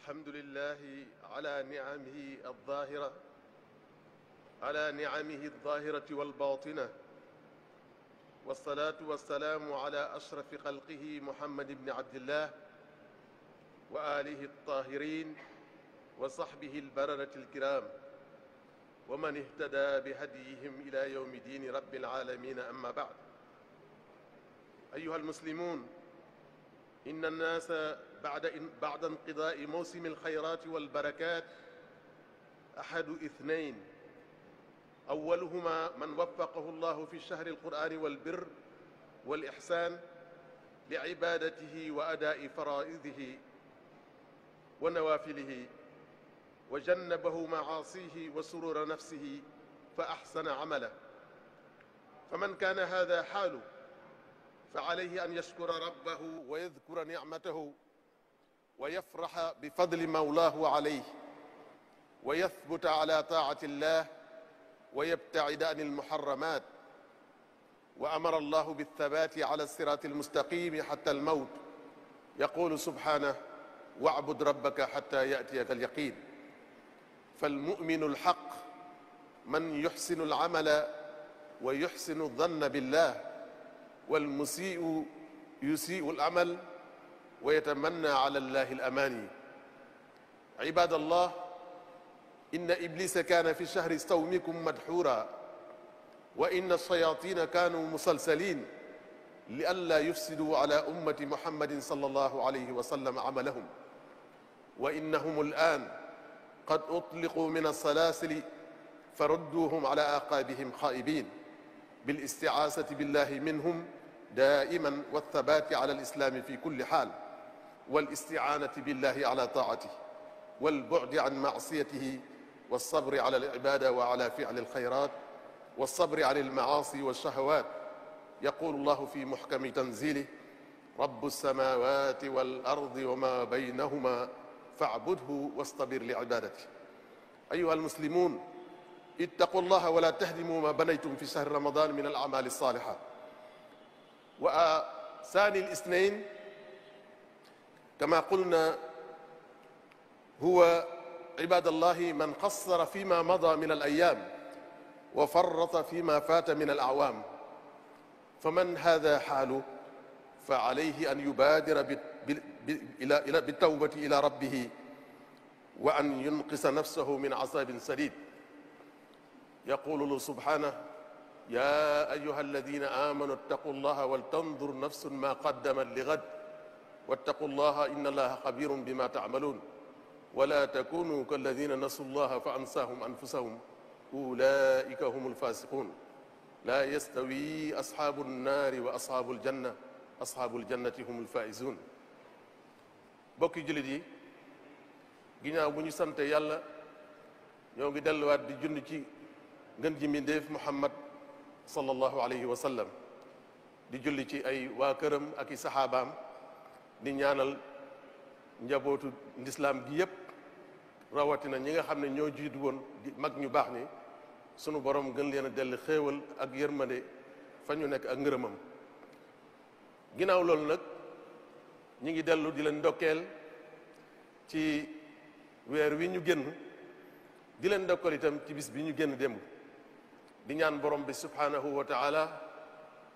الحمد لله على نعمه الظاهرة على نعمه الظاهرة والباطنة والصلاة والسلام على أشرف خلقه محمد بن عبد الله وآله الطاهرين وصحبه البررة الكرام ومن اهتدى بهديهم إلى يوم دين رب العالمين أما بعد أيها المسلمون إن الناس بعد, إن بعد انقضاء موسم الخيرات والبركات أحد اثنين أولهما من وفقه الله في شهر القرآن والبر والإحسان لعبادته وأداء فرائضه ونوافله وجنبه معاصيه وسرور نفسه فأحسن عمله فمن كان هذا حاله فعليه أن يشكر ربه ويذكر نعمته ويفرح بفضل مولاه عليه ويثبت على طاعة الله ويبتعد عن المحرمات وأمر الله بالثبات على الصراط المستقيم حتى الموت يقول سبحانه واعبد ربك حتى يأتيك اليقين فالمؤمن الحق من يحسن العمل ويحسن الظن بالله والمسيء يسيء العمل ويتمنى على الله الأماني عباد الله إن إبليس كان في شهر استومكم مدحورا وإن الشياطين كانوا مسلسلين لئلا يفسدوا على أمة محمد صلى الله عليه وسلم عملهم وإنهم الآن قد أطلقوا من السلاسل فردوهم على أعقابهم خائبين بالاستعاذة بالله منهم دائما والثبات على الإسلام في كل حال والاستعانة بالله على طاعته والبعد عن معصيته والصبر على العبادة وعلى فعل الخيرات والصبر عن المعاصي والشهوات يقول الله في محكم تنزيله رب السماوات والأرض وما بينهما فاعبده واصطبر لعبادته أيها المسلمون اتقوا الله ولا تهدموا ما بنيتم في شهر رمضان من الأعمال الصالحة وثاني الاثنين كما قلنا هو عباد الله من قصر فيما مضى من الأيام وفرط فيما فات من الأعوام فمن هذا حاله فعليه أن يبادر بالتوبة إلى ربه وأن ينقص نفسه من عصاب سديد يقول الله سبحانه يا أيها الذين آمنوا اتقوا الله ولتنظر نفس ما قدمت لغد واتقوا الله ان الله خبير بما تعملون ولا تكونوا كالذين نسوا الله فانساهم انفسهم اولئك هم الفاسقون لا يستوي اصحاب النار واصحاب الجنه اصحاب الجنه هم الفائزون بوكي جلدي غيناو بني سانت يالا نيوغي دلوات دي جوندي جندي من ديف محمد صلى الله عليه وسلم دي جولي اي وا اكي صحابام di ñaanal njabootu lislaam gi yépp rawatina ñi nga xam ne ñoo jiitu woon mag ñu baax ni sunu borom gën leen a delli xéewal ak yërmande fa ñu nekk ak ngërëmam ginnaaw loolu nag ñi ngi dellu di leen ndokkeel ci weer wi ñu génn di leen ndokkeel itam ci bi ñu génn démb di ñaan borom bi subhanahu wa taala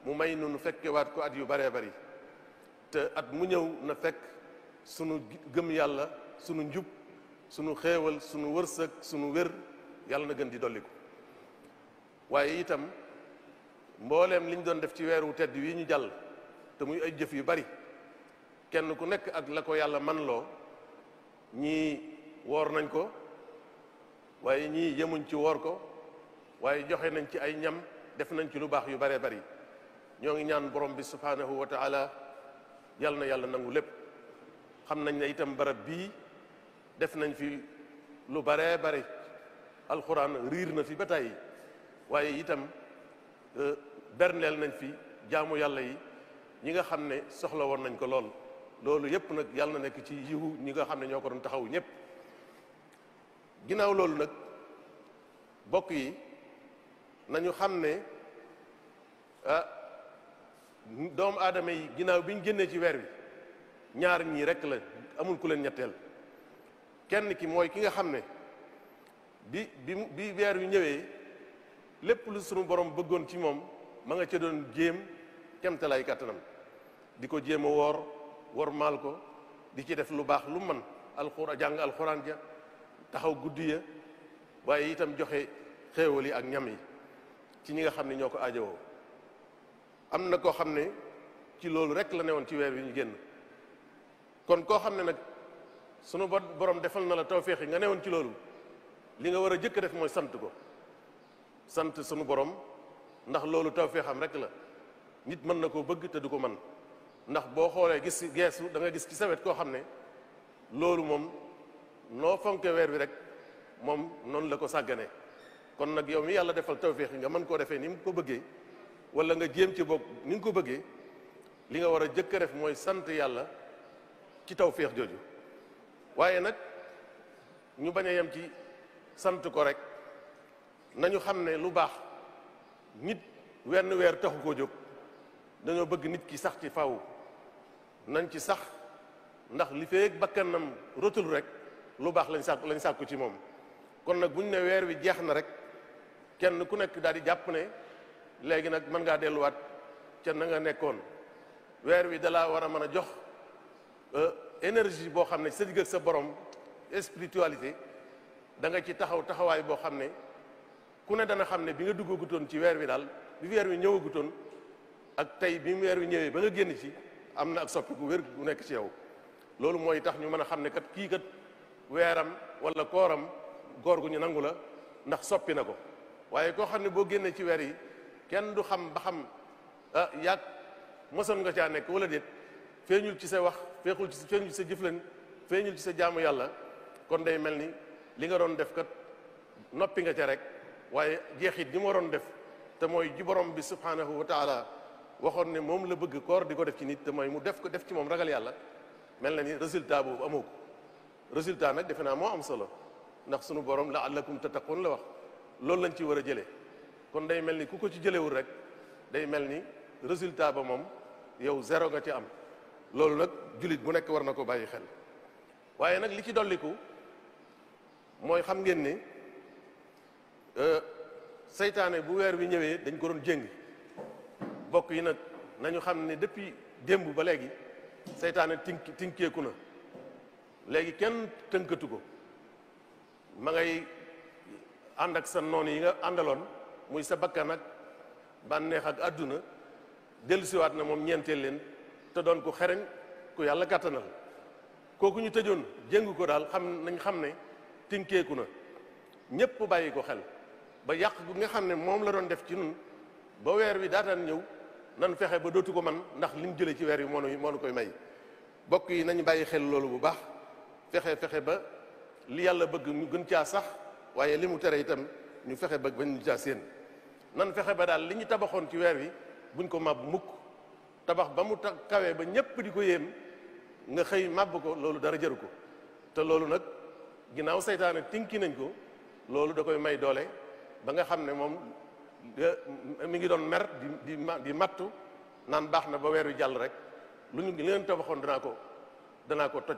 mu may nu nu fekkewaat ko at yu baree bari te at mu ñëw na fekk sunu gëm yàlla sunu njub sunu xéewal sunu wërsëg sunu wér yàlla na gën di dolliku waaye itam mbooleem li ñu doon def ci weeru tedd wi ñu jàll te muy ay jëf yu bari kenn ku nekk ak la ko yàlla man loo ñii woor nañ ko waaye ñii yemuñ ci woor ko waaye joxe nañ ci ay ñam def nañ ci lu baax yu bare bari ñoo ngi ñaan borom bi subhanahu wa yàlla na yàlla nangu lépp xam nañ ne itam barab bii def nañ fi lu bare bare alxuraan riir na fi ba tàyyi waaye itam e, berndeel nañ fi jaamu yàlla yi ñi nga xam ne soxlawoon nañ ko lool loolu yépp nag yàlla na nekk ci yiwu ñi nga xam ne ñoo ko doon taxaw ñépp ginnaaw loolu nag bokk yi nañu xam ne ah, doomu aadama yi ginnaaw bi ñu génnee ci weer wi ñaar ñii rekk la amul ku leen ñetteel kenn ki mooy ki nga xam ne bi bi bi weer wi ñëwee lépp lu sunu borom bëggoon ci moom ma nga ca doon jéem kemtalaay kàttanam di ko jéem a woor wor maal ko di ci def lu baax lu man alxura jàng alxuraan ja taxaw guddi ya waaye itam joxe xéewal yi ak ñam yi ci ñi nga xam ne ñoo ko aajowoo am na koo xam ne ci loolu rek la newoon ci weer wi ñu génn kon koo xam ne nag sunu borom defal na la tawféex yi nga newoon ci loolu li nga war a jëkk def mooy sant ko sant sunu borom ndax loolu tawféexam rek la nit mën na koo bëgg te du ko man ndax boo xoolee gis geesu da nga gis ci sawet koo xam ne loolu moom noo fonke weer wi rek moom noonu la ko sàggane kon nag yow mi yàlla defal tawféex yi nga mën koo defee ni mu ko bëggee wala nga jéem ci bokk ni ko bëggee li nga war a jëkk a def mooy sant yàlla ci taw féex jooju waaye nag ñu bañ a yem ci sant ko rek nañu xam ne lu baax nit wenn weer taxu koo jóg dañoo bëgg nit ki sax ci faw nañ ci sax ndax li feek bakkanam rotul rek lu baax lañ sàkku lañ sàkku ci moom kon nag bu ne weer wi jeex na rek kenn ku nekk daal di jàpp ne léegi nag man ngaa delluwaat ca na nga nekkoon weer wi dalaa war a mën a jox euh, énergie boo xam ne sa digg ak sa borom spiritualité danga ci taxaw taxawaay boo xam ne ku ne dana xam ne bi nga dugg duggagutoon ci weer wi daal bi weer wi ñëwagutoon ak tey bi weer wi ñëwee ba nga génn ci am na ak gu wér gu nekk ci yow loolu mooy tax ñu mën a xam ne kat kii kat weeram wala kooram góor gu ñu nangu la ndax soppi na ko waaye koo xam ne boo génnee ci weer yi كين دو خم بخم ياك مسون غا تيا نيك ولا ديت فينيول سي واخ فيخول سي فينيول سي جيفلن فينيول سي جامو يالا كون داي ملني ليغا رون ديف كات نوبي غا تيا ريك واي جيخيت ديمو رون ديف تا موي جي بروم بي سبحانه وتعالى واخون ني موم لا بëgg كور ديكو ديف سي نيت تا موي مو ديف كو ديف سي موم راغال يالا ملنا ني ريزولتا بو اموكو ريزولتا نك ديفنا مو ام سولو ناخ سونو بروم لعلكم تتقون لا واخ لول لا نتي ورا جيلي kon day mel ni ku ko ci jëlewul rek day mel ni résultat ba moom yow zéro nga ci am loolu nag jullit bu nekk war na ko bàyyi xel waaye nag li ci dolliku mooy xam ngeen ni euh, seytaane bu weer wi ñëwee dañ ko doon jëng bokk yi nag nañu xam ne depuis démb ba léegi seytaane tink tinkeeku na léegi kenn tënkatu ko ma ngay ànd ak sa noon yi nga àndaloon muy sa bakkan ak bànneex ak àdduna dellusiwaat na moom ñeenteel leen te doon ko xereñ ku yàlla kàttanal kooku ñu tëjoon jéngu ko daal xam nañ xam ne tinkeeku na ñépp bàyyi ko xel ba yàq gu nga xam ne moom la doon def ci nun ba weer wi daataan ñëw nan fexe ba dootu ko man ndax li mu jëlee ci weer wi moo nu moo nu koy may bokk yi nañ bàyyi xel loolu bu baax fexe fexe ba li yàlla bëgg ñu gën caa sax waaye li mu tere itam ñu fexe ba bañ ñu caa nan fexe ba daal li ñu tabaxoon ci weer wi buñ ko màbb mukk tabax ba mu ta kawee ba ñépp di ko yéem nga xëy màbb ko loolu dara jëru ko te loolu nag ginnaaw seytaane tinki nañ ko loolu da koy may doole ba nga xam ne moom mi ngi doon mer di di mattu naan baax na ba weer wi jàll rek lu ñu leen tabaxoon danaa ko danaa ko toj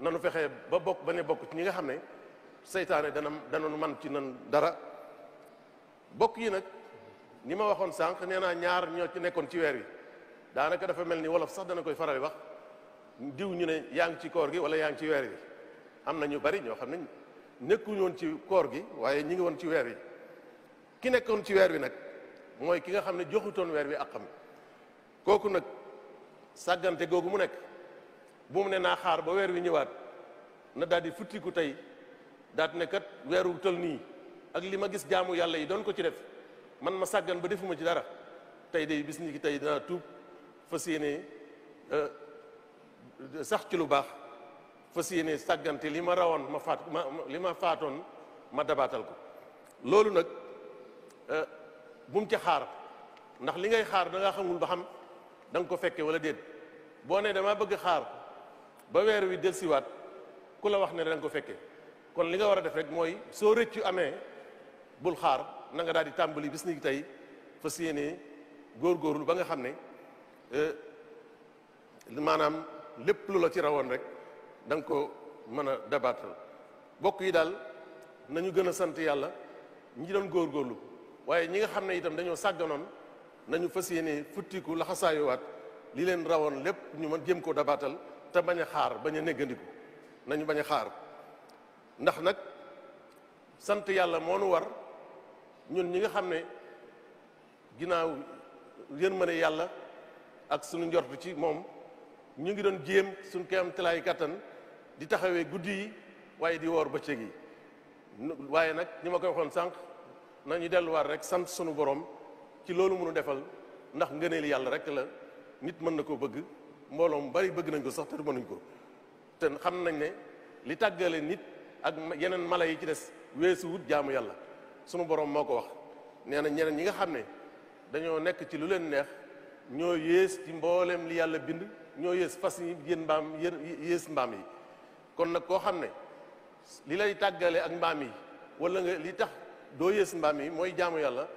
nanu fexe ba bokk ba ne bokk ci ñi nga xam ne seytaane dana dana man ci nan dara bokk yi nag ni ma waxoon sànq nee naa ñaar ñoo ci nekkoon ci weer wi daanaka dafa mel ni wolof sax dana koy faral wax diw ñu ne yaa ngi ci koor gi wala yaa ngi ci weer wi am na ñu bari ñoo xam ne nekkuñu woon ci koor gi waaye ñi ngi woon ci weer wi ki nekkoon ci weer wi nag mooy ki nga xam ne joxutoon weer wi ak xam kooku nag sàggante googu mu nekk bu mu ne naa xaar ba weer wi ñëwaat na daal futtiku tey daat ne weeru tël nii ak li ma gis jaamu yàlla yi doon ko ci def man ma sàggan ba defuma ci dara tey day bis ki tey dinaa tuub fas yéene euh, sax ci lu baax fas yéene sàggante li ma rawoon ma faat ma li ma faatoon ma dabaatal ko loolu nag euh, bu mu ca xaar ndax li ngay xaar danga nga xamul ba xam da ko fekke wala déet boo nee dama bëgg xaar ba weer wi delsiwaat ku la wax ne da ko fekkee kon li nga war a def rek mooy soo rëccu amee bul xaar nanga nga daal di tàmbali bis ni tey fas yéene góorlu ba nga xam ne eh, maanaam lépp lu la ci rawoon rek da nga ko mën a dabaatal bokk yi daal nañu gën a sant yàlla ñi doon góorlu waaye ñi nga xam ne itam dañoo sàgganoon nañu fas yéene futtiku laxasaayuwaat li leen rawoon lépp ñu ma jéem koo dabaatal te bañ a xaar bañ a néggandiku nañu bañ a xaar ndax nag sant yàlla moo nu war ñun ñi nga xam ne ginnaaw yërmande yàlla ak sunu njortu ci moom ñu ngi doon jéem suñ koy am talaay kàttan di taxawee guddi yi waaye di woor bëccëg yi waaye nag ñu ma koy waxoon sànq nañu delluwaat rek sant suñu boroom ci loolu mënu defal ndax ngëneel yàlla rek la nit mën na koo bëgg mbooloo mu bari bëgg nañ ko sax te mënuñ ko te xam nañ ne li tàggale nit ak yeneen mala yi ci des weesu wut jaamu yàlla sunu borom moo ko wax nee na ñeneen ñi nga xam ne dañoo nekk ci lu leen neex ñoo yées ci mbooleem li yàlla bind ñoo yées fas yi yéen mbaam yées mbaam yi kon nag koo xam ne li lay tàggale ak mbaam yi wala nga li tax doo yées mbaam yi mooy jaamu yàlla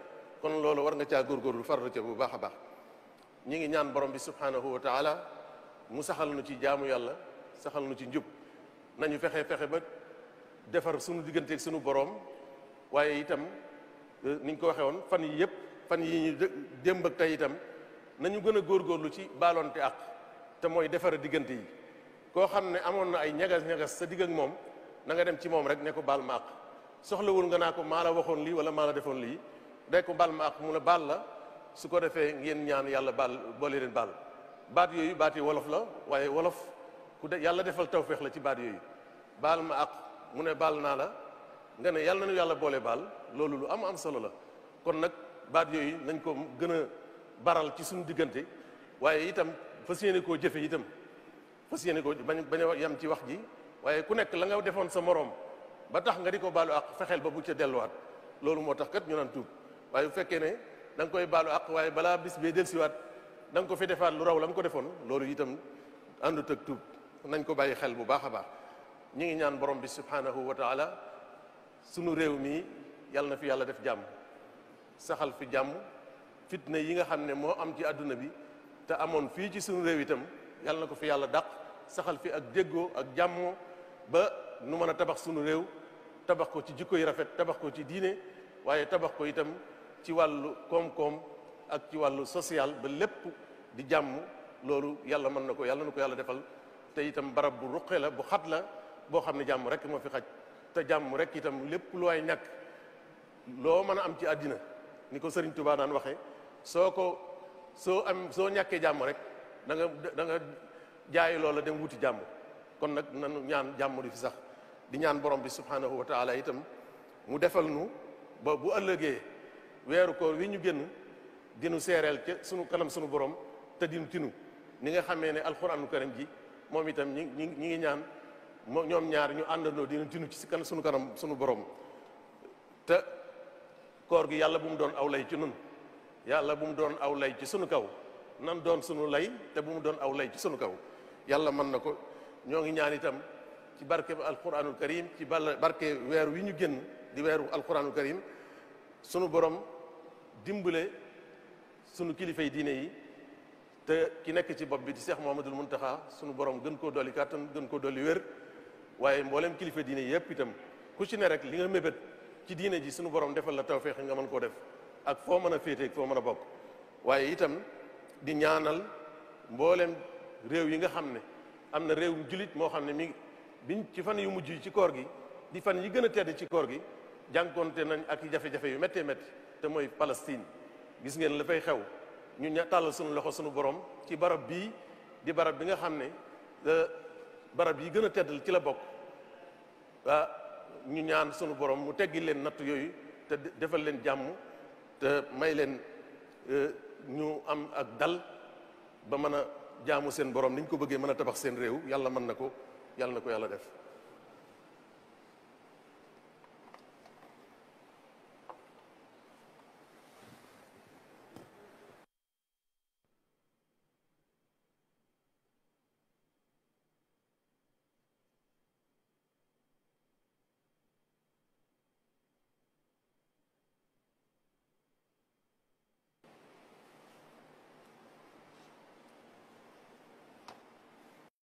kon loolu war nga caa góorgóorlu farlu ca bu baax a baax ñi ngi ñaan borom bi subhanahu wa taala mu saxal nu ci jaamu yàlla saxal nu ci njub nañu fexe fexe ba defar sunu digganteeg sunu boroom waaye itam eh, niñ ñu ko waxee woon fan yii yëpp fan yii ñu démb ak tey itam nañu gën a góorgóorlu ci baalonte ak te mooy defar diggante yi koo xam ne amoon na ay ñagas-ñagas sa digg ak moom na nga dem ci moom rek ne ko baal ma ak soxlawul nga naa ko maa la waxoon lii wala maa la defoon lii day ko baal ma ak mu la baal la su ko defee ngeen ñaan yàlla baal boole leen baal baat yooyu baati wolof la waaye wolof ku de yàlla defal tawféex la ci baat yooyu mu ne baal naa la nga ne yàlla nañu yàlla boole baal loolu lu am am solo la kon nag baat yooyu nañ ko gën a baral ci suñu diggante waaye itam fas yéene koo jëfe itam fas yéene koo bañ bañ a yam ci wax ji waaye ku nekk la nga defoon sa moroom ba tax nga di ko baalu àq fexeel ba bu ca delluwaat loolu moo tax kat ñu naan tuub waaye bu fekkee ne da koy baalu àq waaye balaa bis bee dellusiwaat da nga ko fi defaat lu raw la nga ko defoon loolu itam àndut ak nañ ko bàyyi xel bu baax a baax ñu ngi ñaan borom bi subhanahu wa taala sunu réew mi yàlla na fi yàlla def jàmm saxal fi jàmm fitna yi nga xam ne moo am ci àdduna bi te amoon fii ci sunu réew itam yàlla na ko fi yàlla dàq saxal fi ak déggoo ak jàmmoo ba nu mën a tabax sunu réew tabax ko ci jikko yi rafet tabax ko ci diine waaye tabax ko itam ci wàllu koom-koom ak ci wàllu social ba lépp di jàmm loolu yàlla mën na ko yàlla na ko yàlla defal te itam barab bu ruqe la bu xat la boo xam ne jàmm rek moo fi xaj te jàmm rek itam lépp lu waay ñàkk loo mën a am ci àddina ni ko sëriñ Touba naan waxee soo ko soo am soo ñàkkee jàmm rek da nga da nga jaay loola dem wuti jàmm kon nag nanu ñaan jàmm di fi sax di ñaan borom bi subhanahu wa taala itam mu defal nu ba bu ëllëgee weeru koor wi ñu génn dinu seereel ca sunu kanam sunu borom te dinu tinu ni nga xamee ne alxuraanu karim ji moom itam ñi ñi ngi ñaan moo ñoom ñaar ñu àndandoo dina tinu ci si kan sunu kanam sunu borom te koor gi yàlla bu mu doon aw lay ci nun yàlla bu mu doon aw lay ci sunu kaw nan doon sunu lay te bu mu doon aw lay ci sunu kaw yàlla mën na ko ñoo ngi ñaan itam ci barke alquranul karim ci bal barke weer wi ñu génn di weeru alquranul karim sunu borom dimbale sunu kilifay diine yi te ki nekk ci bopp bi di Cheikh mun Mountakha sunu borom gën koo dolli kàttan gën koo dolli wér waaye mboolem kilifa diine yëpp itam ku ci ne rek li nga mébét ci diine ji suñu borom defal la tawféex nga mën koo def ak foo mën a féetee ak foo mën a bokk waaye itam di ñaanal mboolem réew yi nga xam ne am na réewum julit moo xam ne mi biñ ci fan yu mujj yi ci koor gi di fan yi gën a tedd ci koor gi jànkoonte nañ ak jafe-jafe yu méttee métti te mooy Palestine gis ngeen la fay xew ñu ña tàll suñu loxo suñu borom ci barab bii di barab bi nga xam ne barab yi gën a teddal ci la bokk ah ñu ñaan sunu borom mu teggi leen natt yooyu te defal leen jàmm te may leen eh, ñu am ak dal ba mën a jaamu seen borom ni ñu ko bëggee mën a tabax seen réew yàlla mën na ko yàlla na ko yàlla def